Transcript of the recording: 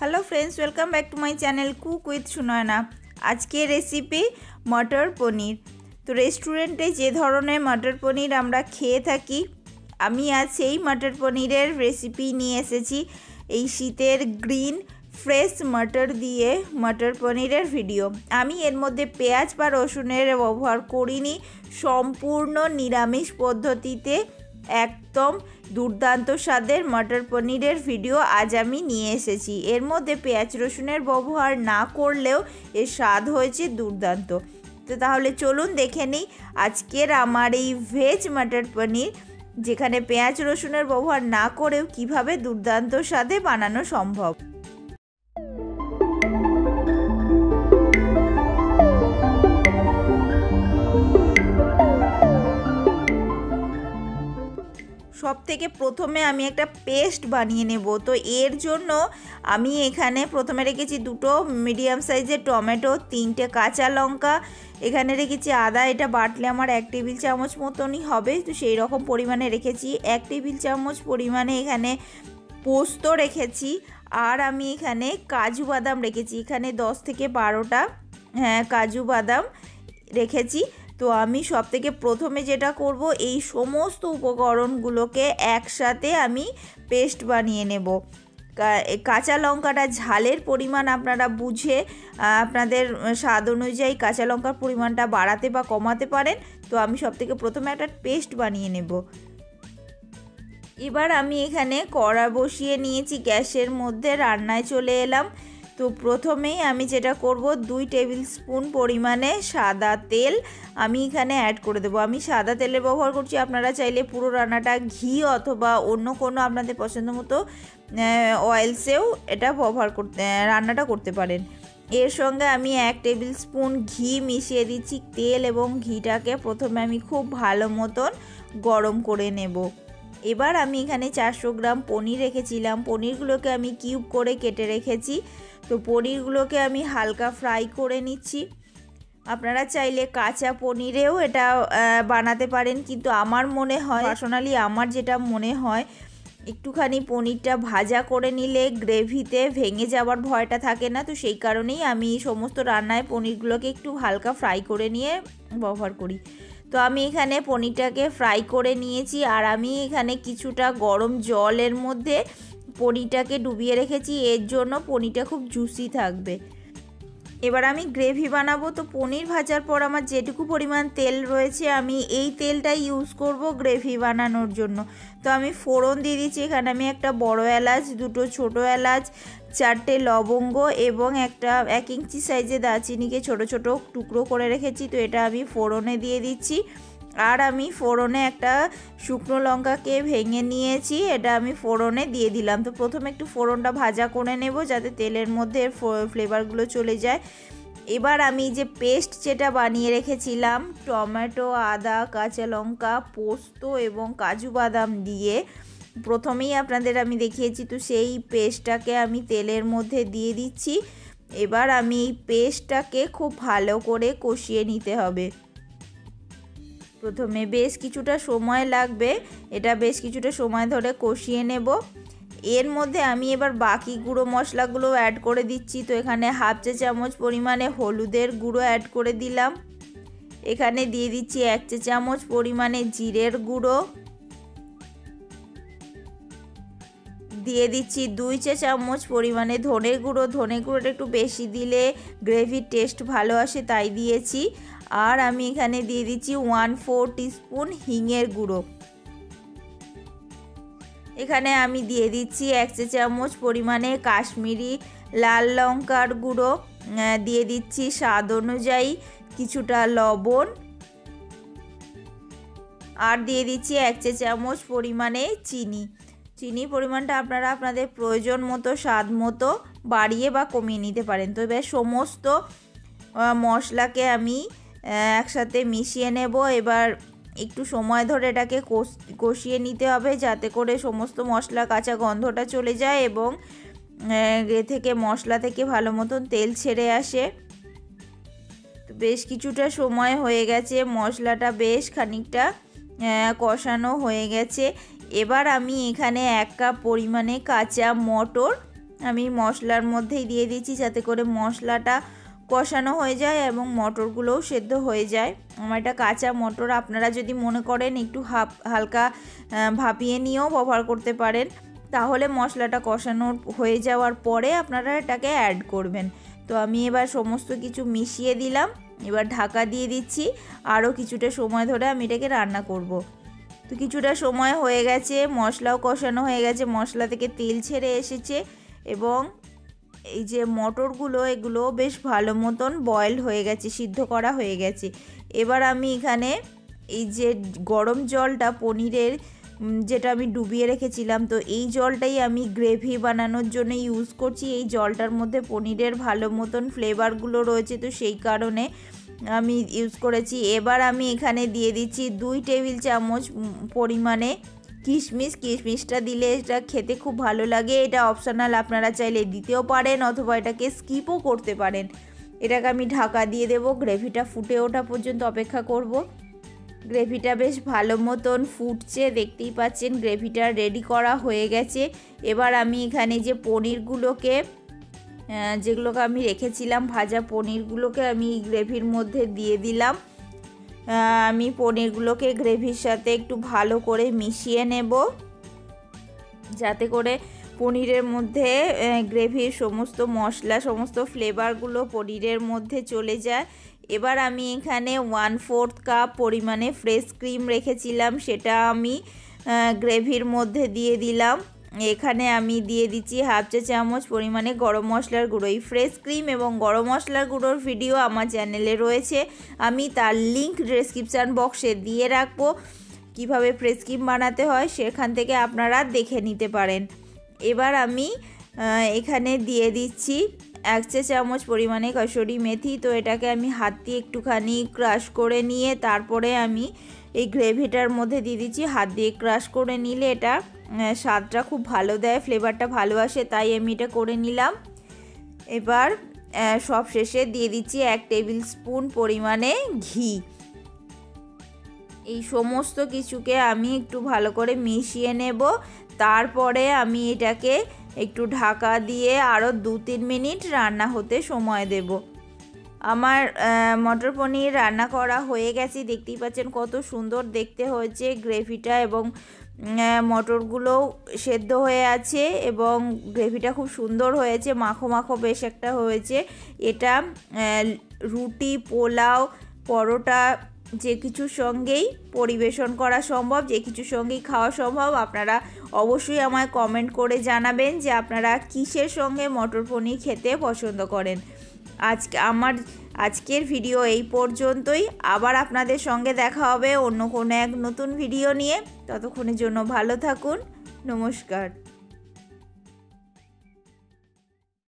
Hello friends welcome back to my channel cook with Sunayana আজকে recipe matar paneer তো রেস্টুরেন্টে যে ধরনের মটর পনির আমরা খেয়ে থাকি আমি আজ সেই মটর পনিরের রেসিপি নিয়ে এসেছি এই শীতের গ্রিন ফ্রেশ মটর দিয়ে মটর পনিরের ভিডিও আমি এর মধ্যে পেঁয়াজ বা রসুনের ব্যবহার করিনি সম্পূর্ণ নিরামিষ পদ্ধতিতে একদম দুর্দান্ত স্বাদের মটর পনিরের ভিডিও আজ আমি নিয়ে এসেছি এর মধ্যে পেঁয়াজ রসুনের ব্যবহার না করলেও এর স্বাদ হয়েছে দুর্দান্ত তো তাহলে চলুন দেখে নিই আজকের আমার এই ভেজ মটর পনির যেখানে পেঁয়াজ রসুনের ব্যবহার না করেও কিভাবে দুর্দান্ত স্বাদে বানানো সম্ভব থেকে প্রথমে আমি একটা পেস্ট বানিয়ে নেব তো এর জন্য আমি এখানে প্রথমে রেখেছি দুটো মিডিয়াম সাইজের টমেটো তিনটে কাঁচা লঙ্কা এখানে রেখেছি আদা এটা বাটলে আমার এক টেবিল চামচ মতনই হবে তো সেই রকম পরিমাণে রেখেছি এক টেবিল চামচ পরিমাণে এখানে পোস্ত রেখেছি আর আমি এখানে কাজু বাদাম রেখেছি এখানে দশ থেকে বারোটা হ্যাঁ কাজু বাদাম রেখেছি তো আমি সব থেকে প্রথমে যেটা করব এই সমস্ত উপকরণগুলোকে একসাথে আমি পেস্ট বানিয়ে নেব কাঁচা লঙ্কাটা ঝালের পরিমাণ আপনারা বুঝে আপনাদের স্বাদ অনুযায়ী কাঁচা লঙ্কার পরিমাণটা বাড়াতে বা কমাতে পারেন তো আমি সব থেকে প্রথমে একটা পেস্ট বানিয়ে নেব এবার আমি এখানে কড়া বসিয়ে নিয়েছি গ্যাসের মধ্যে রান্নায় চলে এলাম তো প্রথমেই আমি যেটা করব দুই টেবিল স্পুন পরিমাণে সাদা তেল আমি এখানে অ্যাড করে দেবো আমি সাদা তেলের ব্যবহার করছি আপনারা চাইলে পুরো রান্নাটা ঘি অথবা অন্য কোনো আপনাদের পছন্দ মতো অয়েলসেও এটা ব্যবহার করতে রান্নাটা করতে পারেন এর সঙ্গে আমি এক টেবিল স্পুন ঘি মিশিয়ে দিচ্ছি তেল এবং ঘিটাকে প্রথমে আমি খুব ভালো মতন গরম করে নেবো এবার আমি এখানে চারশো গ্রাম পনির রেখেছিলাম পনিরগুলোকে আমি কিউব করে কেটে রেখেছি তো পনিরগুলোকে আমি হালকা ফ্রাই করে নিচ্ছি আপনারা চাইলে কাঁচা পনিরেও এটা বানাতে পারেন কিন্তু আমার মনে হয় পার্সোনালি আমার যেটা মনে হয় একটুখানি পনিরটা ভাজা করে নিলে গ্রেভিতে ভেঙে যাওয়ার ভয়টা থাকে না তো সেই কারণেই আমি সমস্ত রান্নায় পনিরগুলোকে একটু হালকা ফ্রাই করে নিয়ে ব্যবহার করি তো আমি এখানে পনিরটাকে ফ্রাই করে নিয়েছি আর আমি এখানে কিছুটা গরম জলের মধ্যে পনিরটাকে ডুবিয়ে রেখেছি এর জন্য পনিরটা খুব জুসি থাকবে এবার আমি গ্রেভি বানাবো তো পনির ভাজার পর আমার যেটুকু পরিমাণ তেল রয়েছে আমি এই তেলটাই ইউজ করব গ্রেভি বানানোর জন্য তো আমি ফোড়ন দিয়ে দিচ্ছি এখানে আমি একটা বড় এলাচ দুটো ছোট এলাচ চারটে লবঙ্গ এবং একটা এক ইঞ্চি সাইজে দারচিনিকে ছোট ছোট টুকরো করে রেখেছি তো এটা আমি ফোড়নে দিয়ে দিচ্ছি আর আমি ফোড়নে একটা শুকনো লঙ্কাকে ভেঙে নিয়েছি এটা আমি ফোড়নে দিয়ে দিলাম তো প্রথমে একটু ফোড়নটা ভাজা করে নেব যাতে তেলের মধ্যে ফ্লেভারগুলো চলে যায় এবার আমি যে পেস্ট যেটা বানিয়ে রেখেছিলাম টমেটো আদা কাঁচা লঙ্কা পোস্ত এবং কাজু বাদাম দিয়ে প্রথমেই আপনাদের আমি দেখিয়েছি তো সেই পেস্টটাকে আমি তেলের মধ্যে দিয়ে দিচ্ছি এবার আমি এই পেস্টটাকে খুব ভালো করে কষিয়ে নিতে হবে প্রথমে বেশ কিছুটা সময় লাগবে এটা বেশ কিছুটা সময় ধরে কষিয়ে নেব এর মধ্যে আমি এবার বাকি গুঁড়ো মশলাগুলো অ্যাড করে দিচ্ছি তো এখানে হাফ চা চামচ পরিমাণে হলুদের গুঁড়ো অ্যাড করে দিলাম এখানে দিয়ে দিচ্ছি এক চা চামচ পরিমাণে জিরের গুঁড়ো দিয়ে দিচ্ছি দুই চা চামচ পরিমাণে ধনে গুঁড়ো ধনে গুঁড়োটা একটু বেশি দিলে গ্রেভির টেস্ট ভালো আসে তাই দিয়েছি আর আমি এখানে দিয়ে দিচ্ছি ওয়ান ফোর টিস্পুন হিঙের গুঁড়ো এখানে আমি দিয়ে দিচ্ছি এক চা চামচ পরিমাণে কাশ্মীরি লাল লঙ্কার গুঁড়ো দিয়ে দিচ্ছি স্বাদ অনুযায়ী কিছুটা লবণ আর দিয়ে দিচ্ছি এক চা চামচ পরিমাণে চিনি চিনি পরিমাণটা আপনারা আপনাদের প্রয়োজন মতো স্বাদ মতো বাড়িয়ে বা কমিয়ে নিতে পারেন তো এবার সমস্ত মশলাকে আমি একসাথে মিশিয়ে নেব এবার একটু সময় ধরে এটাকে কষিয়ে নিতে হবে যাতে করে সমস্ত মশলা কাঁচা গন্ধটা চলে যায় এবং এ থেকে মশলা থেকে ভালো মতন তেল ছেড়ে আসে বেশ কিছুটা সময় হয়ে গেছে মশলাটা বেশ খানিকটা কষানো হয়ে গেছে এবার আমি এখানে এক কাপ পরিমাণে কাঁচা মটর আমি মশলার মধ্যেই দিয়ে দিয়েছি যাতে করে মশলাটা কষানো হয়ে যায় এবং মটরগুলোও সেদ্ধ হয়ে যায় আমার এটা কাঁচা মটর আপনারা যদি মনে করেন একটু হাফ হালকা ভাপিয়ে নিয়েও ব্যবহার করতে পারেন তাহলে মশলাটা কষানো হয়ে যাওয়ার পরে আপনারা এটাকে অ্যাড করবেন তো আমি এবার সমস্ত কিছু মিশিয়ে দিলাম এবার ঢাকা দিয়ে দিচ্ছি আরও কিছুটা সময় ধরে আমি এটাকে রান্না করব। তো কিছুটা সময় হয়ে গেছে মশলাও কষানো হয়ে গেছে মশলা থেকে তেল ছেড়ে এসেছে এবং এই যে মটরগুলো এগুলো বেশ ভালো মতন বয়েল হয়ে গেছে সিদ্ধ করা হয়ে গেছে এবার আমি এখানে এই যে গরম জলটা পনিরের যেটা আমি ডুবিয়ে রেখেছিলাম তো এই জলটাই আমি গ্রেভি বানানোর জন্য ইউজ করছি এই জলটার মধ্যে পনিরের ভালো মতন ফ্লেভারগুলো রয়েছে তো সেই কারণে আমি ইউজ করেছি এবার আমি এখানে দিয়ে দিচ্ছি দুই টেবিল চামচ পরিমাণে কিশমিশ কিশমিশটা দিলে এটা খেতে খুব ভালো লাগে এটা অপশনাল আপনারা চাইলে দিতেও পারেন অথবা এটাকে স্কিপও করতে পারেন এটাকে আমি ঢাকা দিয়ে দেব গ্রেভিটা ফুটে ওঠা পর্যন্ত অপেক্ষা করব গ্রেভিটা বেশ ভালো মতন ফুটছে দেখতেই পাচ্ছেন গ্রেভিটা রেডি করা হয়ে গেছে এবার আমি এখানে যে পনিরগুলোকে যেগুলোকে আমি রেখেছিলাম ভাজা পনিরগুলোকে আমি গ্রেভির মধ্যে দিয়ে দিলাম আমি পনিরগুলোকে গ্রেভির সাথে একটু ভালো করে মিশিয়ে নেব যাতে করে পনিরের মধ্যে গ্রেভির সমস্ত মশলা সমস্ত ফ্লেভারগুলো পনিরের মধ্যে চলে যায় এবার আমি এখানে ওয়ান ফোর্থ কাপ পরিমাণে ফ্রেশ ক্রিম রেখেছিলাম সেটা আমি গ্রেভির মধ্যে দিয়ে দিলাম এখানে আমি দিয়ে দিচ্ছি হাফ চা চামচ পরিমাণে গরম মশলার গুঁড়ো এই ফ্রেশ ক্রিম এবং গরম মশলার গুঁড়োর ভিডিও আমার চ্যানেলে রয়েছে আমি তার লিংক ডেসক্রিপশান বক্সে দিয়ে রাখবো কিভাবে ফ্রেশ ক্রিম বানাতে হয় সেখান থেকে আপনারা দেখে নিতে পারেন এবার আমি এখানে দিয়ে দিচ্ছি এক চা চামচ পরিমাণে কসুরি মেথি তো এটাকে আমি হাত দিয়ে একটুখানি ক্রাশ করে নিয়ে তারপরে আমি এই গ্রেভিটার মধ্যে দিয়ে দিচ্ছি হাত দিয়ে ক্রাশ করে নিলে এটা হ্যাঁ, স্বাদটা খুব ভালো দেয় ফ্লেভারটা ভালো আসে তাই আমি এটা করে নিলাম এবার সব শেষে দিয়ে দিচ্ছি এক টেবিল স্পুন পরিমাণে ঘি এই সমস্ত কিছুকে আমি একটু ভালো করে মিশিয়ে নেব তারপরে আমি এটাকে একটু ঢাকা দিয়ে আরও দু তিন মিনিট রান্না হতে সময় দেব আমার মটর পনির রান্না করা হয়ে গেছে দেখতেই পাচ্ছেন কত সুন্দর দেখতে হয়েছে গ্রেভিটা এবং হ্যাঁ, মটরগুলোও সেদ্ধ হয়ে আছে এবং গ্রেভিটা খুব সুন্দর হয়েছে মাখো মাখো বেশ একটা হয়েছে এটা রুটি পোলাও পরোটা যে কিছুর সঙ্গেই পরিবেশন করা সম্ভব যে কিছুর সঙ্গেই খাওয়া সম্ভব আপনারা অবশ্যই আমায় কমেন্ট করে জানাবেন যে আপনারা কিসের সঙ্গে মটর পনির খেতে পছন্দ করেন আজকে আমার আজকের ভিডিও এই পর্যন্তই আবার আপনাদের সঙ্গে দেখা হবে অন্য কোনো এক নতুন ভিডিও নিয়ে ততক্ষণের জন্য ভালো থাকুন নমস্কার